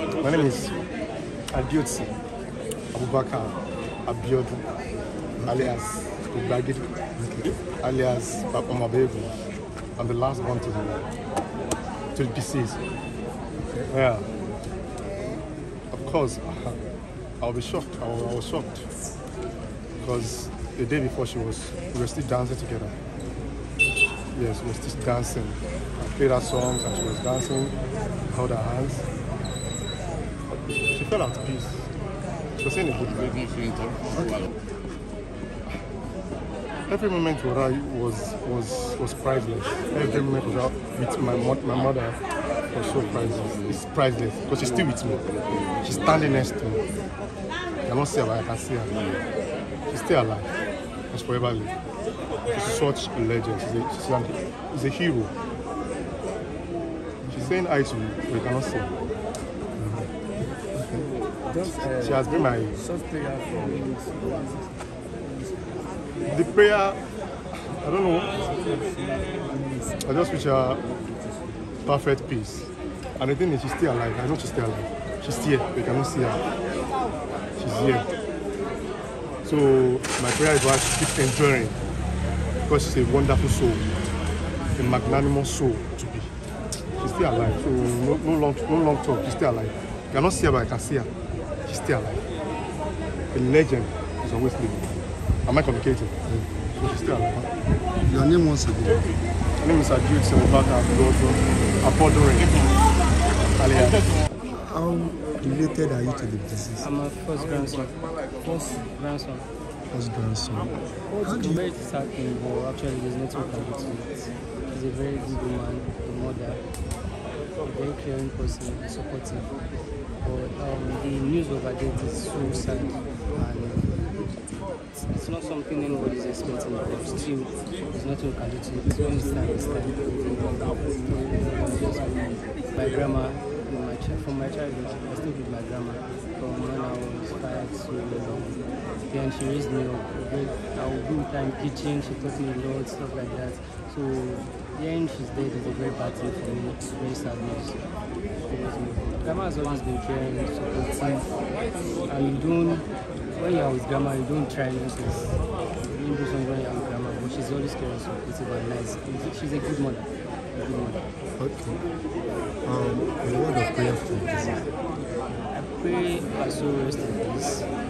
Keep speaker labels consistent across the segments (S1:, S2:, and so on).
S1: My name is Abiodun Abubakar Abiodun, alias Ubagidu, alias Papa Bapomabebu. I'm the last one to the, to the deceased. Yeah. Of course, uh-huh. I'll be shocked. I was shocked because the day before she was, we were still dancing together. Yes, we were still dancing. I played her songs and she was dancing, held her hands fell at peace. She was a good way. Every moment with her was was was priceless. Every moment with, her, with my my mother was so priceless. It's priceless because she's still with me. She's standing next to me. I cannot see her, but I can see her. She's still alive. She's forever living. She's such a legend. She's a, she's, an, she's a hero. She's saying hi to me. but you cannot see her. Just, uh, she has been my the prayer I don't know I just wish her perfect peace and the thing is she's still alive I know she's still alive she's here we cannot see her she's here so my prayer is for her to keep enduring because she's a wonderful soul a magnanimous soul to be she's still alive so no, no long no long talk she's still alive you cannot see her but I can see her He's still alive. The legend is always living. Am I communicating? Mm. So she's still alive. Your name once again? My name is I'm going Abdoso Apodore Alia. How related are you to the disease? I'm a first grandson. First grandson. First grandson. How do you... Very disheartening, but actually there's nothing to can do He's a very good woman, a mother, a very caring person, supportive but um, the news of death is so sad and uh, it's not something anybody is expecting but still it's not we can do to it it's time it's time my grandma my from my childhood I stayed with my grandma from when I was five to then she raised me up I would do time teaching she taught me a lot stuff like that so hearing she's dead is a very bad thing for me very sad news Grandma has always been caring, supportive, and you don't, when you're with Grandma, you don't try nonsense. You do something when you're with Grandma, but she's always caring, supportive, and nice. She's a good mother. A good mother. Okay. Um, a word of prayer for you. I pray her soul rest in peace.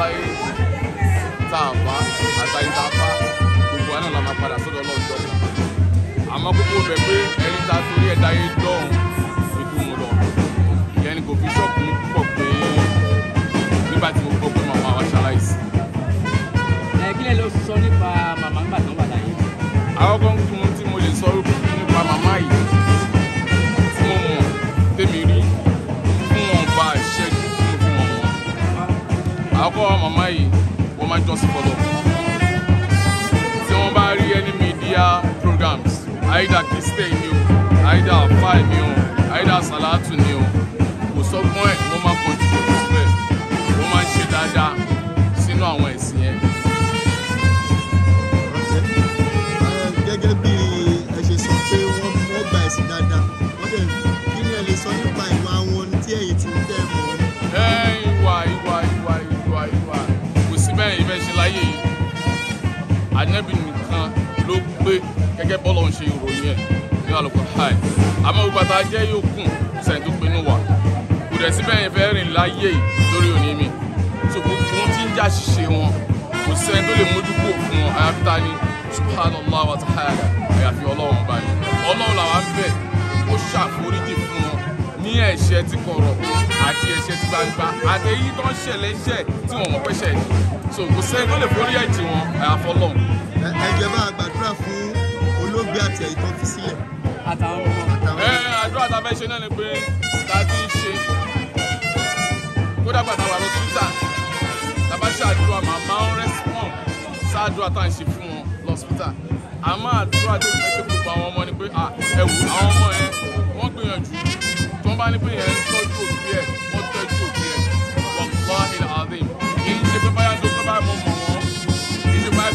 S2: láyé tá a bá àtàyè tá a bá gbogbo àná la máa padà sọ́dọ̀ ọlọ́run jọ àmọ́ kókó rẹ̀ pé ẹni tá a torí ẹ̀dá yé dọ́hùn ìdùnnú lọ ìyẹn ni kò fi ṣọ́ọ̀kù púpọ̀ pé nígbà tí mo gbọ́ pé màmá wa ṣaláìsí. ẹ kílẹ̀ ló sọ nípa màmá ńgbà tán wà láyé. àwọn kan tí mo lè sọ wípé àkọ́ màmá yìí wọ́n máa ń jọ́sìn fọlọ́ tí wọ́n bá rí ẹni mídíà programs àìdá kristẹ ni o àìdá àfáà ni o àìdá sàlátù ni o. ànábì nìkan ló gbé gẹ́gẹ́ bọ́lọ̀ ń ṣe ìròyìn ẹ̀ ní àlùkò hàì àmọ́ gbogbo àtà yóò kùn sẹ́ni tó pinnu wà kò dẹ̀ síbẹ̀ yẹn fẹ́ rìn láyé lórí òní mi tó gbogbo wọn ti ń já ṣiṣẹ́ wọn kò sẹ́ni tó lè mójú kó fún wọn àyàfi ni subhanallah wa ta'ala àyàfi ọlọ́run bá ọlọ́run làwọn bẹ̀ ó ṣàforíjì fún wọn ní ẹ̀ṣẹ̀ tí kọ̀rọ̀ ṣe ti gbangba àtẹ̀yí tó ń ṣẹlẹ̀ iṣẹ́ tí wọ́n mọ̀ pé so kò sẹ́ni tó lè forí ẹ̀ wọn àfọlọ́n. ẹ jẹ́ bá a gbàdúrà fún olóògbé àti ẹ̀yìn tó fi sílẹ̀. àtàwọn ọmọ. ẹ àdúrà tá a fẹ́ ṣe náà ni pé tá ti ń ṣe kódà gbàdá wà lọ Twitter tá a bá ṣàdúrà màmá ń rẹ́spọ̀n sáàdúrà tá à ń ṣe fún wọn lọ́sítà àmọ́ àdúrà tó fi ṣe gbogbo àwọn ọmọ ni pé ẹ wò àwọn ọmọ yẹn wọ́n gbìyànjú tó ń bá ní pé yẹn ń tọ́jú òbí ẹ̀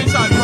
S2: inside.